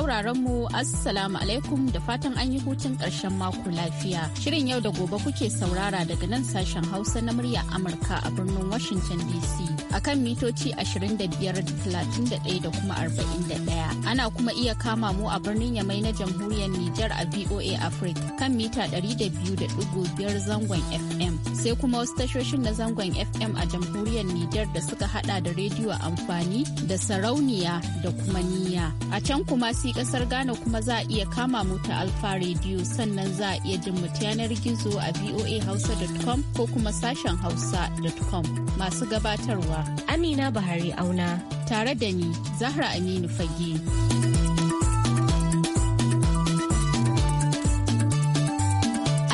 sauraron mu assalamu alaikum da fatan an yi hutun ƙarshen mako lafiya. Shirin yau da gobe kuke saurara daga nan sashen Hausa na murya Amurka a birnin Washington DC. a kan mitoci 25,31 da kuma 41. Ana kuma iya kama mu a birnin Yamai na jamhuriyar Nijar a VOA Africa kan mita 200.5 zangon FM. sai kuma wasu tashoshin na zangon fm a jamhuriyar nijar da suka hada da rediyo amfani da sarauniya da kuma niya a can kuma si kasar ghana kuma za a iya kama mu ta alfa rediyo sannan za a iya jin mu yanar gizo a voahausa.com ko kuma sashen hausa.com masu gabatarwa amina buhari auna tare da ni zahra aminu fage.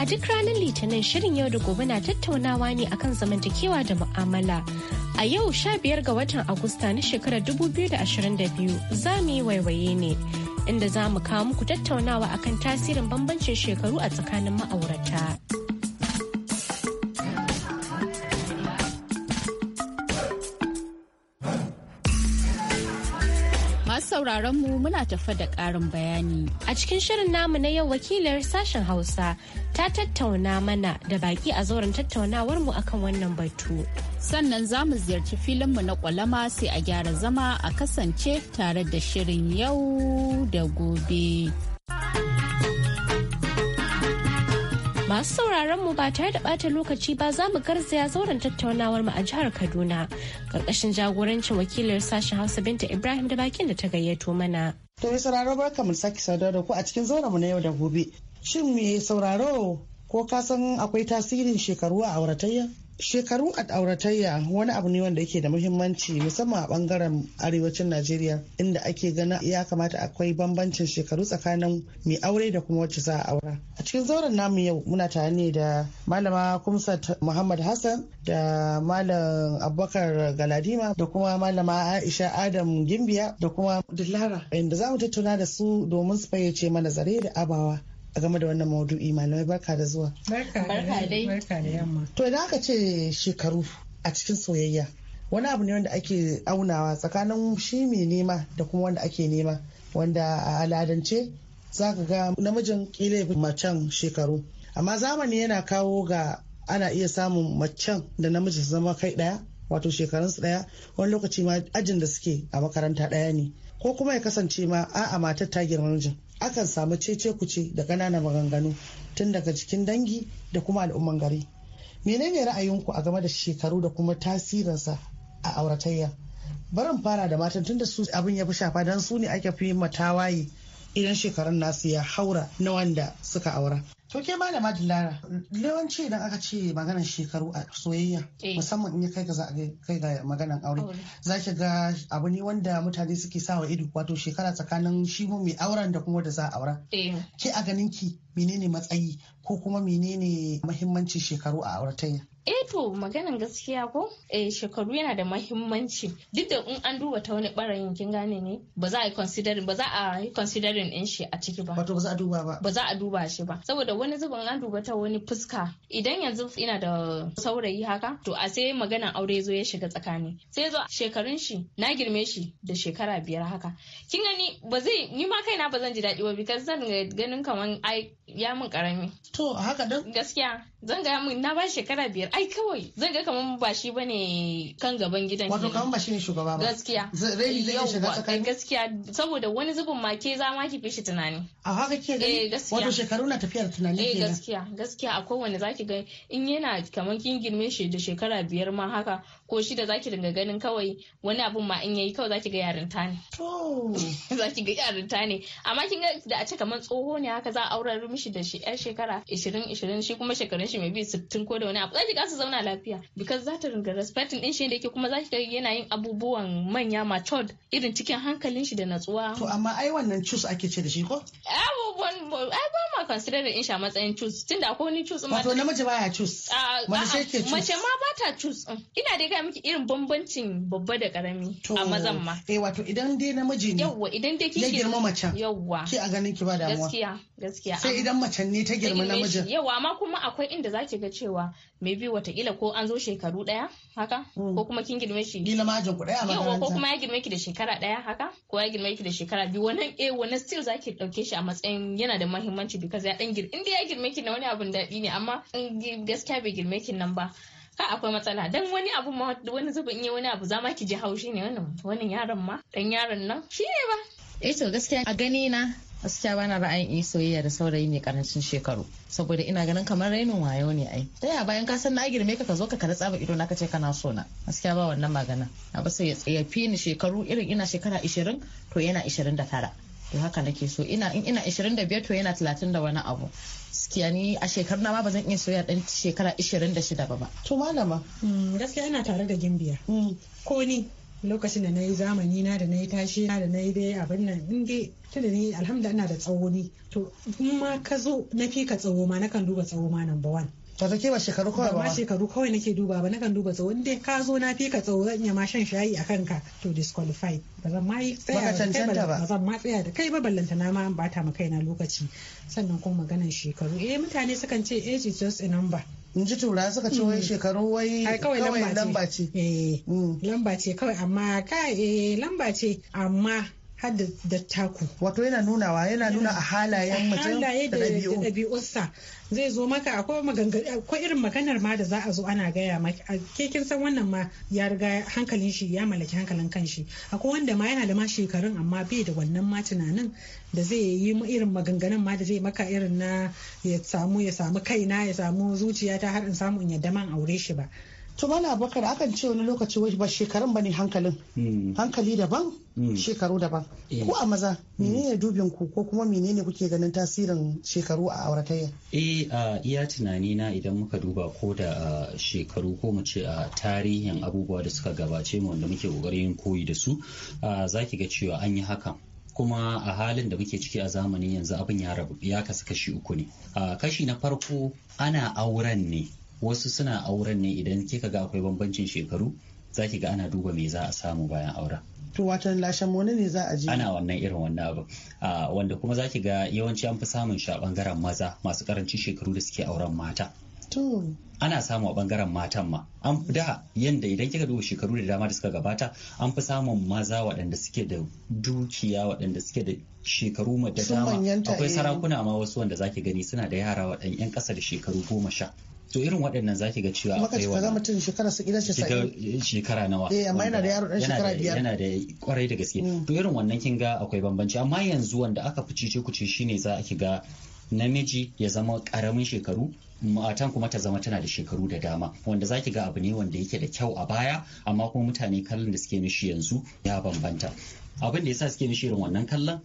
duk ranar Litinin shirin yau da gobe na tattaunawa ne akan zamantakewa da mu'amala. A yau 15 ga watan Agusta na shekarar 2022 za mu yi waiwaye ne. inda za mu kawo muku tattaunawa akan tasirin bambancin shekaru a tsakanin ma'aurata. sauraron mu muna tafa da ƙarin bayani. A cikin shirin namu na yau wakilar sashen Hausa ta tattauna mana da baki a zauren tattaunawar mu akan wannan batu. Sannan za mu ziyarci mu na kwalama sai a gyara zama a kasance tare da shirin yau da gobe. Masu sauraron mu ba tare da bata lokaci ba za mu garzaya zauren tattaunawar mu a jihar Kaduna. Karkashin jagorancin wakilar sashen Hausa Binta Ibrahim da bakin da ta gayyato mana. To yi sauraro barka mu saki sadar da ku a cikin zauren mu na yau da gobe. Shin me sauraro ko ka san akwai tasirin shekaru a auratayya? shekarun al'auratayya wani abu ne wanda yake da muhimmanci musamman a ɓangaren arewacin najeriya inda ake gana ya kamata akwai bambancin shekaru tsakanin mai aure da kuma wacce za a aura a cikin zauren namu yau muna tare ne da malama kumsat muhammad hassan da malam abubakar galadima da kuma malama aisha adam gimbiya da kuma dillara inda za mu tattauna da su domin su fayyace mana zare da abawa a game da wannan maudu'i malamai barka da zuwa barka da yamma. to idan aka ce shekaru a cikin soyayya wani abu ne wanda ake aunawa tsakanin shi mai nema da kuma wanda ake nema wanda a al'adance za ka ga namijin kila macen shekaru amma zamani yana kawo ga ana iya samun macen da namiji su zama kai daya wato shekarunsu daya wani lokaci ma ajin da suke a makaranta daya ne ko kuma ya kasance ma a'a matar ta girman akan samu cece kuce da ƙananan maganganu tun daga cikin dangi da kuma al'umman gari menene ra'ayinku a game da shekaru da kuma tasirinsa a auratayya barin fara da matan tun da su abin ya fi shafa don su ne ake fi matawaye idan shekarun nasu ya haura na wanda suka aura To ke malama Dilara, yawanci idan aka ce maganar shekaru a soyayya eh. musamman in ya kai ga kai ga maganar aure za ki ga abu ne wanda mutane suke sawa ido wato shekara tsakanin shi mai auren da kuma da za a aura. Eh. Ke a ganin ki menene matsayi ko kuma menene mahimmancin shekaru a auratayya eh to maganan gaskiya ko eh shekaru yana da mahimmanci duk da in an duba ta wani barayin kin gane ne ba za a yi considering ba za a yi considering din shi a ciki ba wato ba za a duba ba ba za a duba shi ba saboda wani zubin an duba ta wani fuska idan yanzu ina da saurayi haka to a sai maganan aure zo ya shiga tsakani sai zo shekarun shi na girme shi da shekara biyar haka kin gani ba zai ni ma kaina ba zan ji daɗi ba because zan ganin kaman ai ya mun karami to haka don? gaskiya zan ga mun na ba shekara biyar ai kawai zan ga kamar ba shi bane kan gaban gidan wato kamar ba shi ne shugaba ba gaskiya rai zai shiga tsakani gaskiya saboda wani zubin ma ke za ma ki fi shi tunani a haka ke gani eh, wato shekaru na tafiyar tunani eh gaskiya gaskiya a kowane zaki ga in yana kamar kin girme shi da shekara biyar ma haka ko shi da zaki dinga ganin kawai wani abun ma in yayi kawai zaki ga yarinta ne to zaki ga yarinta ne amma kin ga da a ce kamar tsoho ne haka za a aurar mishi da shi yar shekara 20 20 shi kuma shekarun shi shi mai bi sittin ko da wani abu zaki kasa zauna lafiya because za ta ringa respecting din shi da yake kuma zaki ga yana yin abubuwan manya matured irin cikin hankalin shi da natsuwa to amma ai wannan cus ake ce da shi ko abubuwan ai ba ma consider in sha matsayin cus tunda akwai wani cus ma wato namiji baya cus ah, ah, mace ke cus mace ma ba ta cus mm. ina dai ga miki irin bambancin babba da karami a mazan ma eh wato idan dai namiji ne yawwa idan dai kike ya girma macen yawwa ki a ganin ki ba damuwa gaskiya gaskiya sai idan macen ne ta girma namijin yawwa amma kuma akwai inda za ki ga cewa maybe watakila ko an zo shekaru daya haka ko hmm. kuma kin girme shi gina ma ajin ku ɗaya a ko kuma ya girme ki da shekara daya haka ko ya girme ki da shekara biyu wannan eh wannan still za ki dauke shi a matsayin yana da muhimmanci because ya dan girme inda ya girme ki na wani abun daɗi ne amma gaskiya bai girme ki nan ba ka akwai matsala dan wani abu ma wani zubin yi wani abu za ma ki ji haushi ne wannan wannan yaron ma dan yaron nan shi ne ba eh to gaskiya a gani na gaskiya ba na ra'ayin yi soyayya da saurayi mai karancin shekaru saboda ina ganin kamar rainin wayo ne ai ta ya bayan ka san na girme ka ka zo ka kada tsaba ido na ka ce kana so na gaskiya ba wannan magana Na ba sai ya fi ni shekaru irin ina shekara 20 to yana 29 to haka nake so ina in ina 25 to yana 30 da wani abu gaskiya ni a shekaru na ma ba zan iya soyayya dan shekara 26 ba ba to malama mm. gaskiya ina tare da gimbiya mm. ko ni lokacin da na yi zamani na da na yi tashi na da na yi dai abin nan in dai tunda ni alhamdulillah ina da tsawo ni to in ma ka zo na fi ka tsawo ma na kan duba tsawo ma number one Wata ke ba shekaru kawai ba. Ba shekaru kawai nake duba ba nakan duba tsawo inda ka zo na fi ka tsawo zan iya ma shan shayi a kanka to disqualified ba zan ma yi tsaya da kai ba zan ma tsaya da kai ba ballanta na ma bata ma kaina lokaci sannan kuma maganar shekaru eh mutane sukan ce age is just a number in ji tura suka ce wai mm. shekaru wai kawai lamba ce lamba ce eh, mm. kawai amma kai eh, lamba ce amma har da wato yana nunawa yana nuna a halayen mutum da ɗabi'unsa zai zo maka akwai irin maganar ma da za a zo ana gaya maka ke kin san wannan ma ya riga hankalin shi ya mallaki hankalin kanshi akwai wanda ma yana da ma shekarun amma bai da wannan ma tunanin da zai yi irin maganganun ma da zai maka irin na ya samu ya samu kaina ya samu zuciya ta har in samu in yadda man aure shi ba to mana abokar akan ce wani lokaci wai ba shekarun bane hankalin hmm. hankali daban hmm. shekaru daban eh. ko a maza hmm. menene dubin ku ko kuma menene kuke ganin tasirin shekaru a auratayya eh a iya tunani na idan muka duba ko da shekaru ko mu ce a tarihin abubuwa da suka gabace mu wanda muke kokarin koyi da su zaki ga cewa an yi hakan kuma a halin da muke ciki a zamanin yanzu abin ya rabu ya kasu kashi uku ne kashi na farko ana auren ne wasu suna auren ne idan kika ga akwai bambancin shekaru za ki ga ana duba me za a samu bayan auren to watan lashen mone ne za a ji ana wannan irin wannan abu wanda kuma za ki ga yawanci an fi samun shi a bangaren maza masu karancin shekaru da suke auren mata To. Ana samu a bangaren matan ma. An fi da yanda idan kika duba shekaru da dama da suka gabata an fi samun maza waɗanda suke da dukiya waɗanda suke da shekaru da dama. Akwai eh. sarakuna ma wasu wanda zaki gani suna da yara waɗanda 'yan ƙasa da shekaru goma sha. to irin waɗannan zaki ga cewa akwai wannan kaga mutum shekara sa shekara nawa eh amma yana da yaro dan shekara biyar yana da kwarai da gaske mm. to irin wannan kin ga akwai bambanci amma yanzu wanda aka fice ku ce shine za ki ga namiji ya zama karamin shekaru matan kuma ta zama tana da shekaru da dama wanda zaki ga abu ne wanda yake da kyau a baya amma kuma mutane kallon da suke mishi yanzu ya bambanta abin da ya sa suke shirin wannan kallon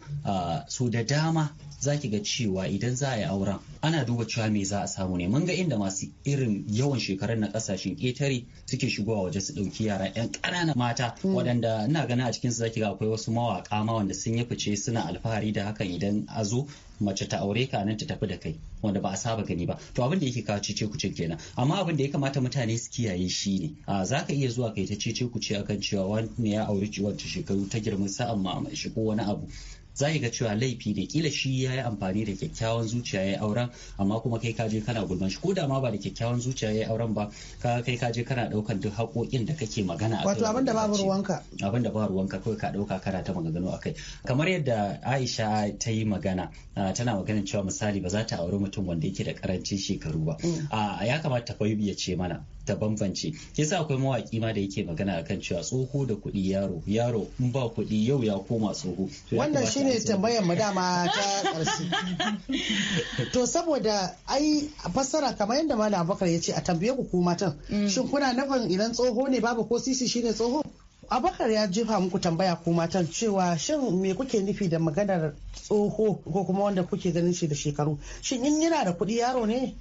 su da dama za ki ga cewa idan za a yi auren ana duba cewa me za a samu ne mun ga inda masu irin yawan shekarun na kasashen ƙetare suke shigowa waje su ɗauki yara 'yan ƙananan mata mm. waɗanda ina ganin a cikinsu zaki ga akwai wasu mawaƙa ma wanda sun yi fice suna alfahari da hakan idan a zo mace ta aure ka nan ta tafi da kai wanda ba a saba gani ba to abin da yake kawo cece kucin kenan amma abin da ya kamata mutane su kiyaye shi ne a za iya zuwa kai ta cece ce akan cewa wani ya aure ciwon ta shekaru ta girman sa'an ma shi ko wani abu za ga cewa laifi ne kila shi ya yi amfani da kyakkyawan zuciya ya auren amma kuma kai kaje kana gulman shi ko da ma ba da kyakkyawan zuciya ya auren ba ka kai kaje kana daukan duk haƙoƙin da kake magana a wato abin da ruwanka abin da ruwanka kawai ka dauka kana ta maganganu akai kamar yadda Aisha ta yi magana tana maganin cewa misali ba za ta auri mutum wanda yake da karancin shekaru ba mm. ya kamata ta ce mana ta bambance yasa akwai mawaki ma da yake magana akan cewa tsoho da kuɗi yaro yaro in ba kuɗi yau ya koma tsoho wannan shine tambayar mu dama ta ƙarshe to saboda ai fassara kamar yadda malam abubakar ya ce a tambaye ku ku matan mm. shin kuna nufin idan tsoho ne babu ko sisi shine tsoho abakar ya jefa muku tambaya ko matan cewa shin me kuke nufi da maganar tsoho ko kuma wanda kuke ganin shi da shekaru shin in yana da kuɗi yaro ne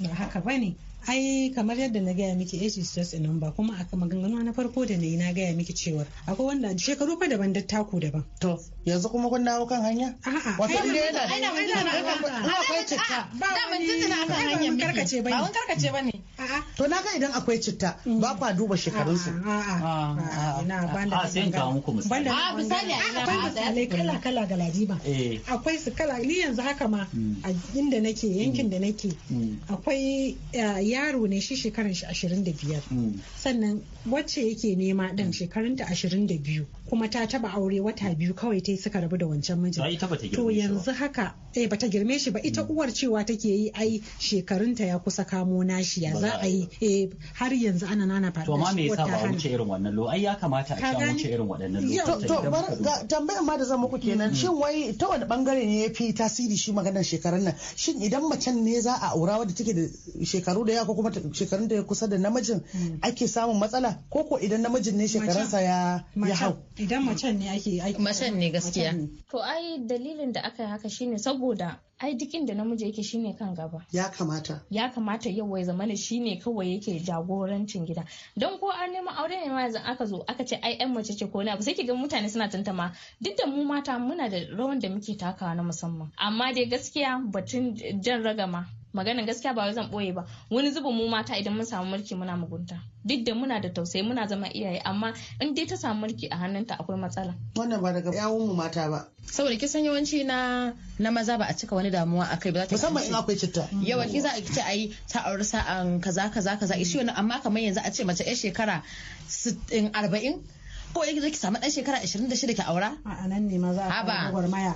ba haka bane ai kamar yadda na gaya miki age is just a number kuma a maganganu na farko da na yi na gaya miki cewar akwai wanda shekaru fa daban dattaku daban to yanzu kuma kun dawo kan hanya a'a wato inda yana da yana akwai citta ba wani kan mun karkace bane ba wani karkace bane a'a to na ga idan akwai citta ba kwa duba shekarun su a'a ah, ah. ina banda a ah, sai ka muku misali a misali akwai misali kala kala ga ladiba eh. akwai su kala ni yanzu haka ma hmm. a inda nake yankin hmm. da nake hmm. akwai eh, yaro ne shi shekaran shi 25 hmm. sannan wacce yake nema din hmm. shekarun ta 22 kuma ta taba aure wata hmm. biyu kawai ta suka rabu da wancan mijin to yanzu haka eh bata girme shi ba ita uwar cewa take yi ai shekarun ta ya kusa kamo nashi ya za a yi eh har yanzu ana nana faɗa to ma me yasa ba wuce irin wannan lo ai ya kamata a sha wuce irin waɗannan lo to tambayar ma da zan muku kenan shin wai ta wani bangare ne ya fi tasiri shi maganar shekarun nan shin idan macen ne za a aura wadda take da shekaru da yawa mata ko kuma shekarun da ya kusa da namijin hmm. ake samun matsala ko ko idan namijin ne shekarunsa ya hau idan macen ne ake aiki macen ne gaskiya to ai dalilin da aka haka shine saboda ai duk inda namiji yake shine kan gaba ya kamata ya kamata yau ya zama shine kawai yake jagorancin gida don ko an nema aure ne ma yanzu aka zo aka ce ai yan mace ce ko na sai kiga mutane suna tantama duk da mu mata muna da rawan da muke takawa na musamman amma dai gaskiya batun jan ragama maganan gaskiya ba zan boye ba wani zubin mu mata idan mun samu mulki muna mugunta duk da muna da tausayi muna zama iyaye amma in dai ta samu mulki a hannunta akwai matsala wannan ba daga yawun mu mata ba saboda kisan yawanci na na maza ba a cika wani damuwa akai ba za ta musamman in akwai citta yawa ki za a kici ayi ta auri sa'an kaza kaza kaza shi wannan amma kamar yanzu a ce mace yar shekara 40 ko yake zo samu dan shekara 26 ki aura a nan ne ma za a fara gwagwarmaya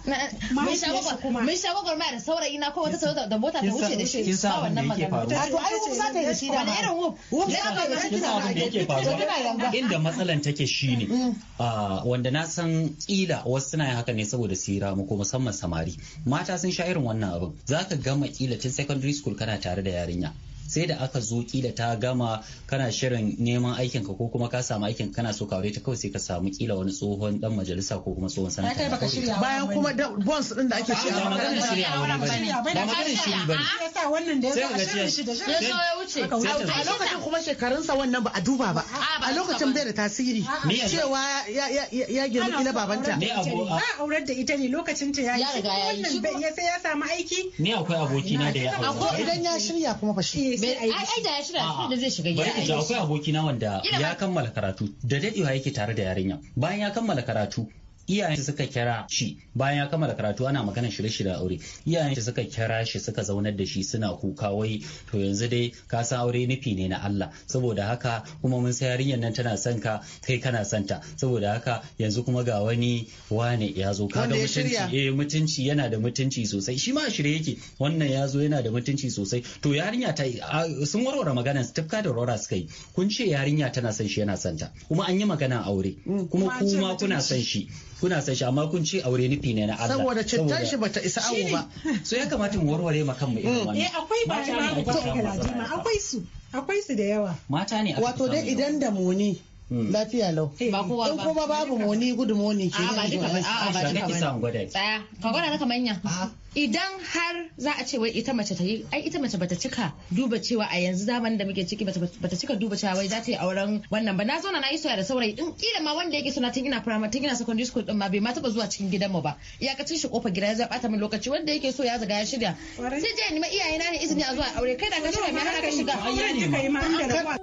mun sha mun sha gwagwarmaya da saurayi na ko wata sauka da mota ta wuce da shi ba wannan magana to ai wuf zata yi shi da ma irin wuf wuf za ta shi da ma yake faruwa inda matsalan take shine mm. wanda na san kila wasu suna yin haka ne saboda sira mu ko musamman samari mata sun sha irin wannan abin zaka gama kila tun secondary school kana tare da yarinya sai da aka zo kila ta gama kana shirin neman aikin ka ko kuma ka samu aikin kana so ka aure ta kawai sai ka samu kila wani tsohon dan majalisa ko kuma tsohon sanata bayan kuma bonds din da ake shi a shi a aure ba maganar shi ba yasa wannan da ya shirin shi da shi ya wuce a lokacin kuma shekarun sa wannan ba a duba ba a lokacin bai da tasiri cewa ya girma kila babanta a aurar da ita ne lokacin ta ya yi wannan ya sai ya samu aiki ne akwai abokina da ya aure idan ya shirya kuma ba shi eh, bai sai da ya da zai shiga gida da akwai abokina wanda ya kammala karatu da dadewa yake tare da yarinya bayan ya kammala karatu iyayen suka kira shi bayan ya kammala karatu ana magana shirye-shirye aure iyayen shi suka kira shi suka zaunar da shi suna kuka wai to yanzu dai ka san aure nufi ne na Allah saboda haka kuma mun san yarinyar nan tana son ka kai kana son ta saboda haka yanzu kuma ga wani wane ya zo ka ga mutunci eh mutunci yana da mutunci sosai shi ma shirye yake wannan ya zo yana da mutunci sosai to yarinya ta sun warware magana su tafka da rora suka yi kun ce yarinya tana son shi yana son ta kuma an yi magana aure mm, kuma kuma kuna son shi kuna san shi amma kun ce aure nufi ne na Allah saboda cittan shi bata isa awo ba so ya kamata mu warware ma kanmu irin hmm. wannan eh akwai ba ma akwai su akwai su da yawa mata ne wato dai idan da mu ne Hmm. lafiya lau eh, ba kowa ba in kuma babu moni gudu morning ke ba duka ba a ba na ba tsaya ka gwada naka manya idan har za a ce wai ita mace ta yi ai ita mace bata cika duba cewa a yanzu zaman da muke ciki bata cika duba cewa wai za ta yi auren wannan ba na zauna na yi soyayya da saurayi din kila ma wanda yake suna tun ina primary tun ina secondary school din ma bai ma taba zuwa cikin gidan mu ba iyakacin shi kofar gida ya zaba ta min lokaci wanda yake so ya zaga ya shirya sai je ni ma iyayena ne izini a zuwa aure kai da ka shirya mai hana ka shiga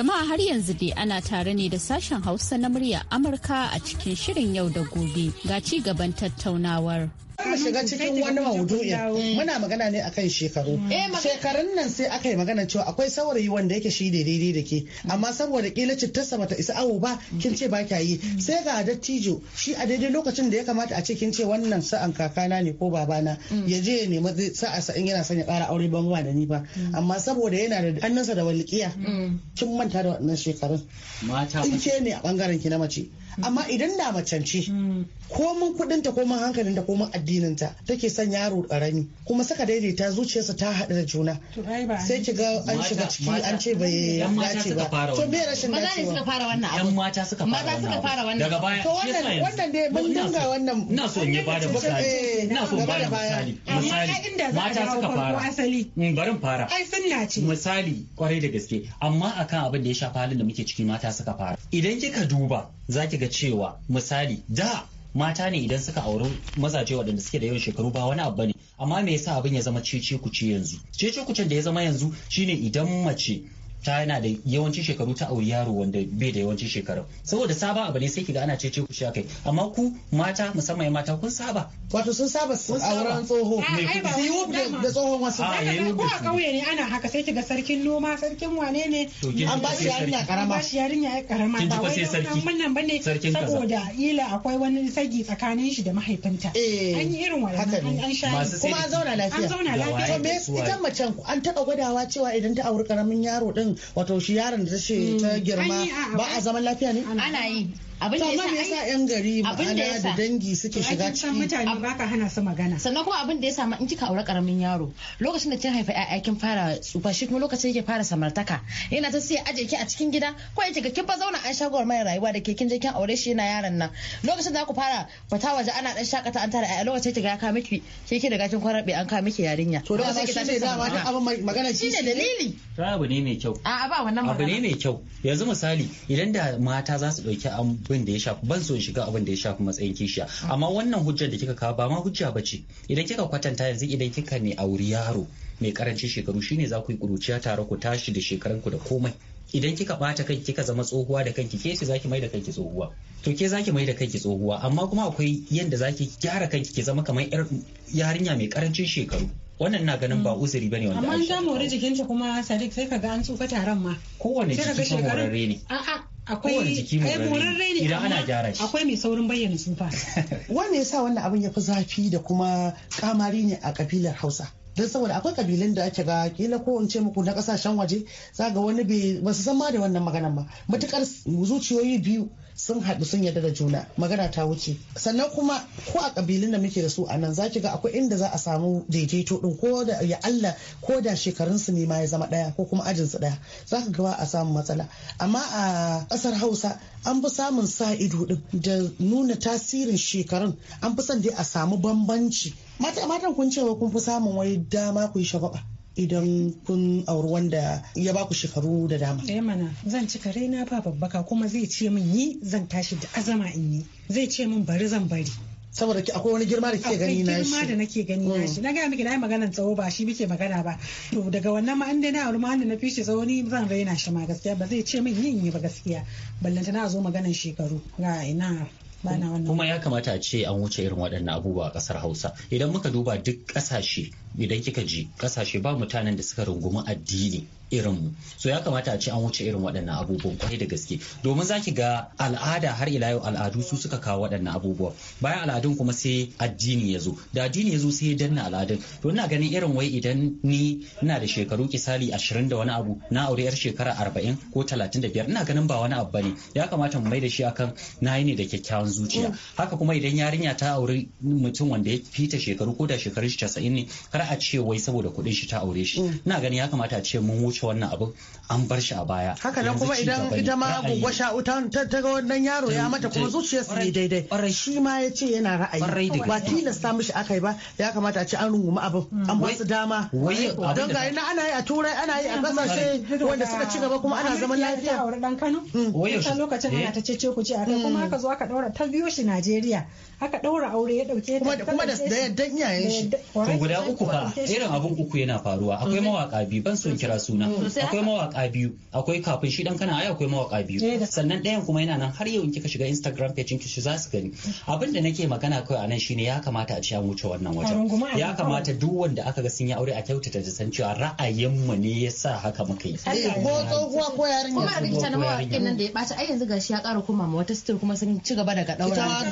Jama'a har yanzu dai ana tare ne da sashen Hausa na murya Amurka a cikin shirin yau da gobe ga ci gaban tattaunawar. mu shiga cikin wani maudu'in muna magana ne akan shekaru mm. eh, shekarun nan sai aka yi magana cewa akwai saurayi wanda yake shi da daidai da ke mm. amma saboda kila cittarsa bata isa awo ba mm. kin ce ba kya yi sai ga dattijo shi a daidai lokacin da ya kamata a ce kin ce wannan sa'an kakana ne ko babana ya je ya nemi sa'a in yana son ya kara aure ban ba da ni ba amma saboda yana da hannunsa da walƙiya kin manta da wannan shekarun in ke ne a bangaren ki na mace amma idan da macen ce komin kudinta komin hankalinta komin addininta take son yaro karami kuma saka daidaita zuciyarsa ta hada da juna sai ki ga an shiga ciki an ce bai dace ba to me rashin dacewa maza suka fara wannan abu mata suka fara maza suka fara wannan daga baya to wannan wannan dai mun dinga wannan ina so in yi bada misali ina so bada misali misali mata suka fara asali mm, barin fara ai sunna ce misali kwarai da gaske amma akan abin da ya shafa halin da muke ciki mata suka fara idan kika duba za ki ga cewa misali da mata ne idan suka auri mazaje waɗanda suke da yawan shekaru ba wani abu ne amma me yasa abin ya zama cece ce yanzu cece kucen da ya zama yanzu shine idan mace ta yana da yawancin shekaru ta auri yaro wanda bai da yawancin shekaru saboda saba abu ne sai kiga ana cece ku kai amma ku mata musamman mata kun saba wato sun saba auren tsoho eh, su yi da tsohon wasu ah, ko a kauye ne ana haka sai ga sarkin noma sarkin wane ne an ba shi yarinya karama ba shi yarinya karama ba wai wannan bane saboda ila akwai wani sagi tsakanin shi da mahaifinta eh, an yi irin wannan an sha kuma an zauna lafiya an zauna lafiya ita macen an taba gwadawa cewa idan ta auri karamin yaro din wato shi yaron da ta ce ta mm. girma ba a zaman lafiya ne ana yi abin da yasa yan gari ma'ana da dangi suke shiga ciki mutane ka hana su magana sannan kuma abin da yasa ma in kika aure karamin yaro lokacin da kin haifa ƴaƴa kin fara tsufa shi kuma lokacin yake fara samartaka yana ta sai aje ki a cikin gida ko ya ga kibba zauna an shagowar mai rayuwa da ke kin je kin aure shi yana yaron nan lokacin da ku fara fata waje ana dan shakata an tara ƴaƴa lokacin da ya ka miki ke ki daga kin kwarabe an ka miki yarinya to da sai ki abin magana shi ne dalili abu ne mai kyau a'a ba wannan magana abu ne mai kyau yanzu misali idan da mata za su dauki abin da ya shafi ban so shiga abin da ya shafi matsayin kishiya amma wannan hujjar da kika kawo ba ma hujja ba ce idan kika kwatanta yanzu idan kika ne auri yaro mai karancin shekaru shine za ku yi kuruciya tare ku tashi da shekarunku da komai idan kika bata kanki kika zama tsohuwa da kanki ke ce zaki mai da kanki tsohuwa to ke zaki mai da kanki tsohuwa amma kuma akwai yanda zaki gyara kanki ki zama kamar yarinya mai karancin shekaru wannan na ganin ba mm. uzuri bane wanda amma an ta mori jikinta kuma Sadiq sai kaga an tsufa taron ma kowane jiki ne a'a akwai murarre ne idan ana gyara shi akwai mai saurin bayyana tsufa ya yasa wannan abin ya fi zafi da kuma kamari ne a kabilar Hausa don saboda akwai kabilun da ake ga kila ko in muku na kasashen waje zaga wani bai ba su san da wannan maganan ba matukar zuciyoyi biyu sun haɗu sun yarda da juna magana ta wuce sannan kuma ko a kabilun da muke da su a nan zaki ga akwai inda za a samu daidaito ɗin ko da ya Allah ko da shekarun su ne ma ya zama ɗaya ko kuma ajin su ɗaya zaka ga ba a samun matsala amma a kasar Hausa an fi samun sa ido din da nuna tasirin shekarun an fi son dai a samu bambanci mata matan kun cewa kun fi samun wai dama ku yi shagwaba idan kun auri wanda ya baku shekaru da dama. Eh mana zan ci kare na ba babbaka kuma zai ce min yi zan tashi da azama in yi zai ce min bari zan bari. saboda akwai wani girma da kike gani na shi girma da nake gani na shi mm. na ga miki na maganar tsawo ba shi muke magana ba to daga wannan ma inda na auri ma inda na fice tsawo ni zan raina shi ma gaskiya ba zai ce min yin yi ba gaskiya ballanta na zo maganar shekaru ga ina kuma ya kamata a ce an wuce irin waɗannan abubuwa a ƙasar Hausa idan muka duba duk ƙasashe idan kika ji ƙasashe ba mutanen da suka rungumi addini irinmu so ya kamata a ce an wuce irin waɗannan abubuwan kwarai da gaske domin za ki ga al'ada har ila yau al'adu su suka kawo waɗannan abubuwan bayan al'adun kuma sai addini ya zo da addini ya zo sai ya danna al'adun to ina ganin irin wai idan ni ina da shekaru kisali ashirin da wani abu na aure yar shekara arba'in ko talatin da biyar ina ganin ba wani abu bane ya kamata mu mai da shi akan na yi ne da kyakkyawan zuciya mm. haka kuma idan yarinya ta auri mutum wanda ya fita shekaru ko da shekarun shi casa'in ne kar a ce wai saboda kuɗin shi ta aure shi mm. ina ganin ya kamata a ce mun wuce wuce wannan abin an bar shi a baya haka nan kuma idan ita ma gogo sha'uta ta ga wannan yaro ya mata kuma zuciyarsa ne daidai shi ma ya ce yana ra'ayi ba tilasta mishi aka yi ba ya kamata a ce an rungumi abin hmm. an ba su dama don ga na ana yi a turai ana yi a kasashe wanda suka ci gaba kuma ana zaman lafiya a dan Kano hmm. wata lokacin ana ta eh. cece ku ce a kai kuma hmm. aka zo aka daura ta biyo shi Najeriya aka daura aure ya dauke ta kuma da yadda iyayen shi guda uku fa irin abun uku yana faruwa akwai mawaka biyu ban son kira suna akwai mawaka biyu akwai kafin shi dan kana ai akwai mawaka biyu eh, sannan ɗayan kuma yana nan har yau in kika shiga Instagram page kika shi zasu gani abin da nake magana kai a nan shine ya kamata a ci an wuce wannan wajen ya kamata duk wanda aka ga sun yi aure a kyautata da san cewa ra'ayin mu ne yasa haka muka yi eh, ko tsohuwa ko yarinya kuma abin ta na mawakin nan da ya bata ai yanzu gashi ya ƙara koma ma wata sitir kuma sun ci gaba daga daura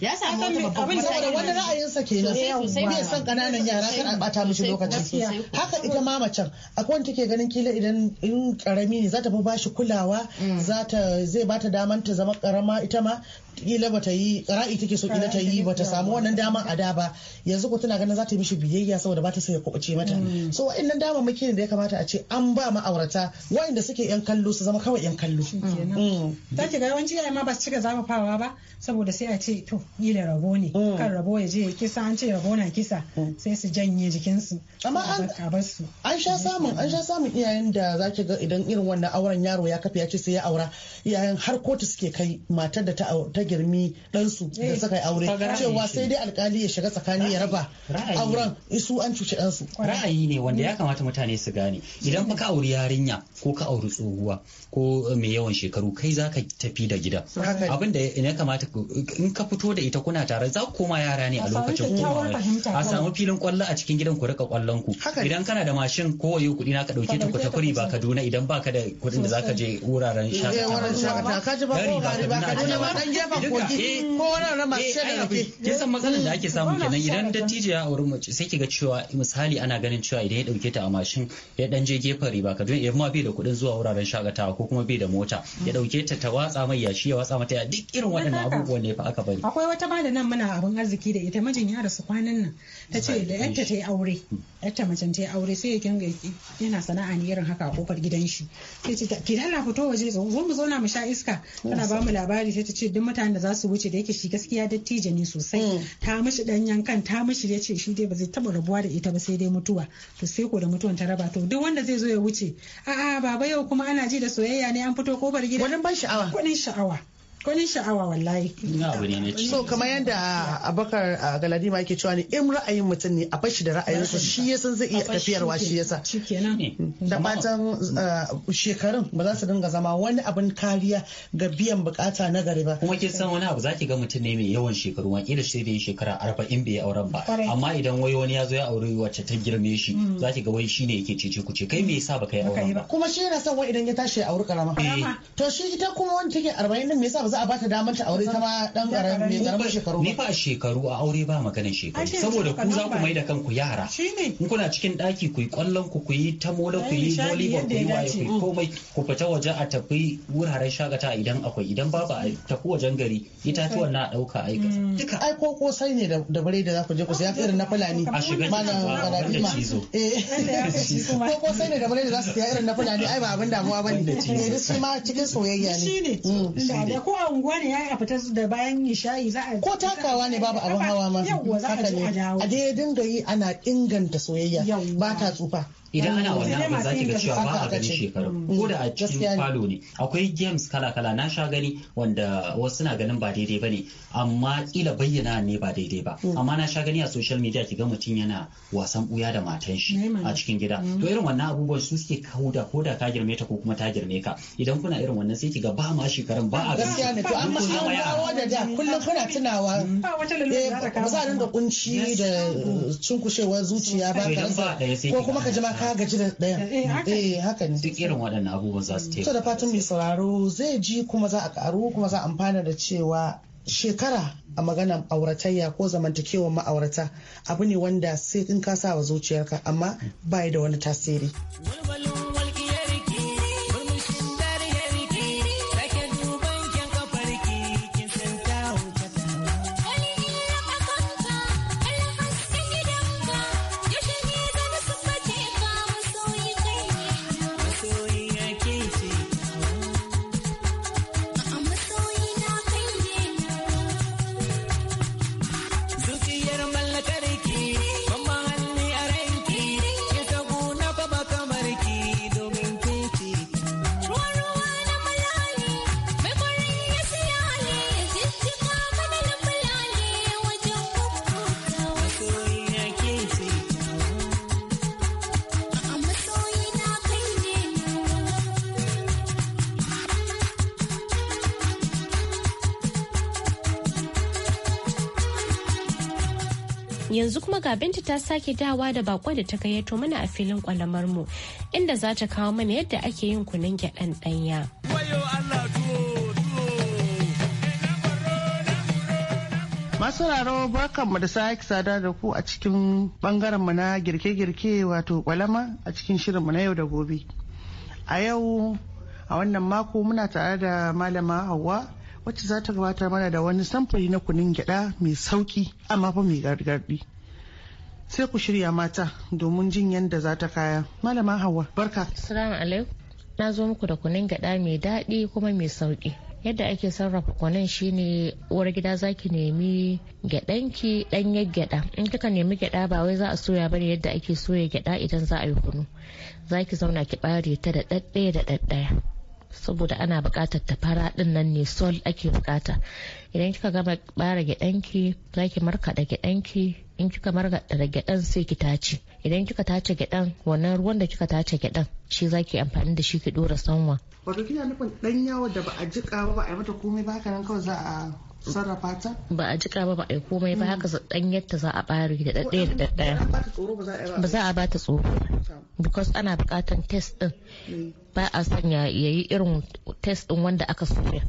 ya samu wata babban abin da sa kenan ya san kananan yara a bata mishi lokaci haka ita ma macen akwai wanda take ganin kila idan in karami ne zata ta fi bashi kulawa mm. za zai bata daman ta zama karama ita ma kila bata yi ra'ayi take so kila ta yi bata samu wannan daman a da ba yanzu ko tana ganin za ta yi mishi biyayya saboda ba ta so ya kubuce mata mm. so wa'annan damammaki ne da ya kamata a ce an ba ma'aurata wa'anda suke yan kallo su zama kawai yan kallo mm. ta ke ga yawanci yaya ma ba su cika zafafawa ba saboda sai a ce to da rabo ne kan rabo ya je ya kisa an ce rabo na kisa hmm. sai su janye jikinsu amma an sha samun an sha samun iyayen da za ki ga idan irin wannan auren yaro ya kafa ya ce sai ya aura iyayen har kotu suke kai matar da ta girmi eh, su da suka aure cewa sai dai alkali ya shiga tsakani ya raba auren isu an cuci su ra'ayi ne wanda ya kamata mutane su gane idan ka auri yarinya ko ka auri tsohuwa ko mai yawan shekaru kai za ka tafi da gida abin da ya kamata in ka fito da ita kuna tare za ku koma yara ne a lokacin mace ko a samu filin kwallo a cikin gidan ku rika kwallon ku idan kana da mashin ko wayo kuɗi na ka dauke ta ku tafi ba Kaduna idan baka da kuɗin da zaka je wuraren shakatawa ka ji ba ko ba Kaduna ba dan gefen kogi eh, ko wuraren masu eh, shaida ke kisan matsalar da ake samu kenan idan dattijo ya auri mace sai kiga cewa misali ana ganin cewa idan ya dauke ta a mashin ya dan je gefen riba Kaduna idan ma bai da kuɗin zuwa wuraren shakatawa ko kuma bai da mota ya dauke ta ta watsa mai yashi ya watsa mata duk irin waɗannan abubuwan ne fa aka bari akwai wata ma da nan muna abin arziki da ita mijin mijin ya rasu kwanan nan ta ce da yadda ta yi aure yadda macen ta yi aure sai ya kinga yana sana'a ne irin haka a kofar gidan shi sai ce ki dalla fito waje zo zo mu mu sha iska tana ba mu labari sai ta ce duk mutanen da za su wuce da yake shi gaskiya dattijo ne sosai mm. ta mishi dan yankan ta mishi ya ce shi dai ba zai taba rabuwa da ita ba sai dai mutuwa to sai ko da mutuwan ta raba to duk wanda zai zo ya wuce a'a baba yau kuma ana ji da soyayya ne an fito kofar gidan wani ban sha'awa sha'awa kwanin sha'awa wallahi so kamar yadda abakar uh, galadima yake cewa ne in ra'ayin mutum ne a fashi da ra'ayin su shi ya san zai iya tafiyarwa shi yasa da fatan uh, shekarun ba za su dinga zama wani abin kariya ga biyan bukata na gari ba kuma kin san wani abu zaki ga mutum ne mai yawan shekaru wa kila shi da shekara arba'in bai auren ba amma idan wai wani ya zo ya aure wacce ta girme shi hmm. zaki ga wai shine yake cece ku ce kai me yasa baka yi auren ba kuma shi yana son wai idan ya tashi ya auri karama eh. to shi ita kuma wani take arba'in din me yasa ba za a bata damar ta aure ta ma dan karamin mai karamin shekaru ni ba shekaru a aure ba maganar shekaru saboda ku za ku mai da kanku yara in kuna cikin daki ku yi kwallon ku ku yi ta mola ku yi volleyball ku yi waye ku yi komai ku fita waje a tafi wuraren shagata idan akwai idan babu ba tafi wajen gari itatuwan na dauka aika mm. duka ai ko sai ne da bare da za ku je ku sai irin na fulani a shiga malam galadima eh ko sai ne da bare da za su sai irin na fulani ai ba abin damuwa bane ne eh, shi ma cikin soyayya ne ne da mm. ko unguwa ne ya fita da bayan nishayi za a ko takawa ne babu abin hawa ma haka ne a dai dinga yi ana inganta soyayya ba ta tsufa idan eh, ana wannan abin za ki ga cewa ba a ganin shekaru mm, ko da a cikin falo ne akwai games kala kala na sha gani wanda wasu na ganin ba daidai ba ne amma kila bayyana ne ba daidai ba mm. amma na sha gani a social media ki ga mutum yana wasan buya da matan shi a cikin gida mm. to irin wannan abubuwan su suke kauda ko da ka girme ta ko kuma ta girme ka idan kuna irin wannan sai ki ga ba ma shekarun ba a gaskiya ne to amma an dawo da da kullum kuna tunawa ba wata lalura eh, da kunci eh, da cunkushewar zuciya ba ka ko kuma ka ji ma ka gaji da ɗayan eh, eh, eh haka ne duk irin waɗannan abubuwan za su taimaka so da fatan mai sauraro zai ji kuma za a karu kuma za a amfana da cewa shekara a maganar auratayya ko zamantakewar ma'aurata abu ne wanda sai in ka sa wa zuciyarka amma bai da wani tasiri. yanzu kuma ga binta ta sake dawa da bako da ta gayyato mana a filin kwalamarmu inda za ta kawo mana yadda ake yin kunun gyaɗan ɗanya. raro barkanmu da sake sada da ku a cikin mu na girke-girke wato kwalama a cikin shirin mu na yau da gobe a yau a wannan mako muna tare da malama hawa wacce za ta gabatar mana da wani samfuri na kunin gyada mai sauki amma fa mai gargadi sai ku shirya mata domin jin yadda za ta kaya malama hawa barka assalamu alaikum na zo muku da kunin gyada mai daɗi kuma mai sauki yadda ake sarrafa kunin shine uwar gida ki nemi gyaɗanki ɗanyen gyaɗa in kika nemi gyaɗa ba wai za a soya bane yadda ake soya gyaɗa idan za a yi kunu za ki zauna ki ɓare ta da ɗaɗɗaya da ɗaɗɗaya saboda ana buƙatar ta fara din nan ne sol ake buƙata idan kika gama bara gyaɗanki za ki markaɗa gyaɗanki in kika markaɗa gyaɗan sai ki tace idan kika tace gyaɗan wannan ruwan da kika tace gyaɗan shi za ki amfani da shi ki ɗora sanwa. wato kina nufin ɗan yawo da ba a jiƙa ba ba a yi mata komai ba haka nan kawai za a sarrafa ta ba a jika ba ba a yi komai ba haka dan yadda za a bari da ɗaya da daddaya ba za a ba ta tsoro because ana bukatan test din eh. ba a sanya ya yi irin test din wanda aka soya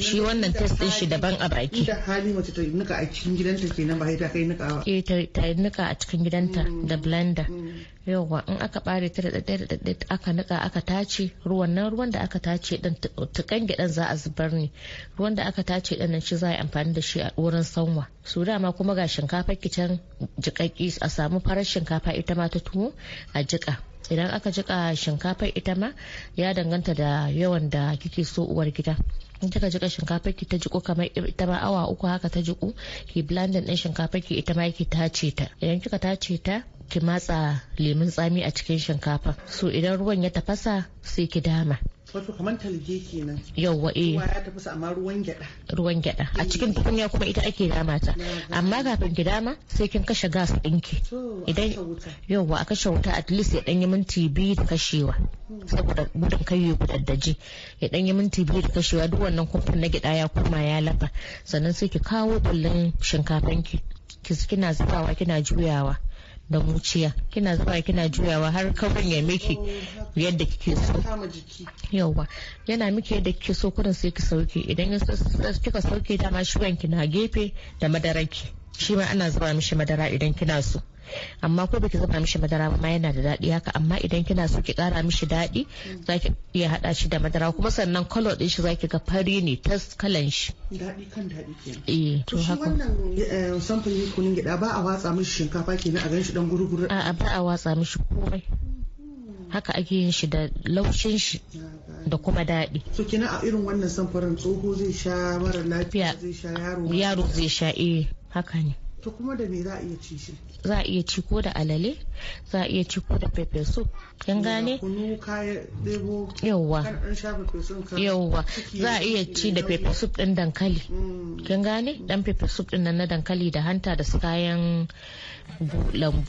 shi wannan test din shi daban a baki da hali mace ta nika a cikin gidanta kenan ba ta kai nika ba eh ta nika a cikin gidanta mm. da blender mm. yawa in aka bare ta da daddai da daddai aka nika aka tace ruwan nan ruwan da aka tace din tukan gidan za a zubar ne ruwan da aka tace din nan shi za a yi amfani da shi a wurin sanwa su dama kuma ga shinkafa kicin jikakki a samu farar shinkafa ita ma ta tuwo a jika idan aka jika shinkafar ita ma ya danganta da yawan da kike so uwar gida in kika jika shinkafar ki ta jiko kamar ita ma awa uku haka ta jiko ki blandin din shinkafar ki ita ma ki tace ta idan kika tace ta ki matsa lemun tsami a cikin shinkafa so idan ruwan ya tafasa sai ki dama wato kamar talge kenan yawwa eh ruwa ya amma ruwan gyada ruwan gyada a eh. cikin tukunya kuma ita ake dama ta amma kafin ki dama sai kin kashe gas ɗinki idan yawwa a kashe wuta at least ya danyi minti biyu da kashewa hmm. saboda gudun kai ya gudaddaje ya danyi minti biyu da kashewa duk wannan kumfin na gyada ya koma ya lafa sannan sai ki kawo kullun shinkafanki kina zubawa kina juyawa da muciya kina zuwa kina juyawa har kaurin ya miki yadda kike so yauwa yana miki yadda kike so kudin sai ki sauke idan kika sauke dama shugan ki na gefe da madaraki shi ma ana zuba mishi madara idan kina so amma ko baki zuba mishi madara ma yana da daɗi haka amma idan kina so ki kara mishi daɗi zaki iya haɗa shi da madara kuma sannan color din shi zaki ga fari ne ta kalan shi daɗi kan daɗi kenan eh to haka wannan eh, ne kunun gida ba a watsa mishi shinkafa kenan a shi dan guruguru a'a ba a watsa mishi komai haka ake yin shi da laushin shi da kuma daɗi. So kina a irin wannan samfurin tsoho zai sha mara lafiya zai sha yaro. Yaro zai sha eh haka ne. to kuma da me za a iya ci shi za a iya ci ko da alale za a iya ci ko da pepper soup kin gane kunu kaya debo yawwa yawwa za a iya ci da pepper soup din dankali mm. kin gane mm. dan pepper soup din nan na dankali da hanta da su kayan lambu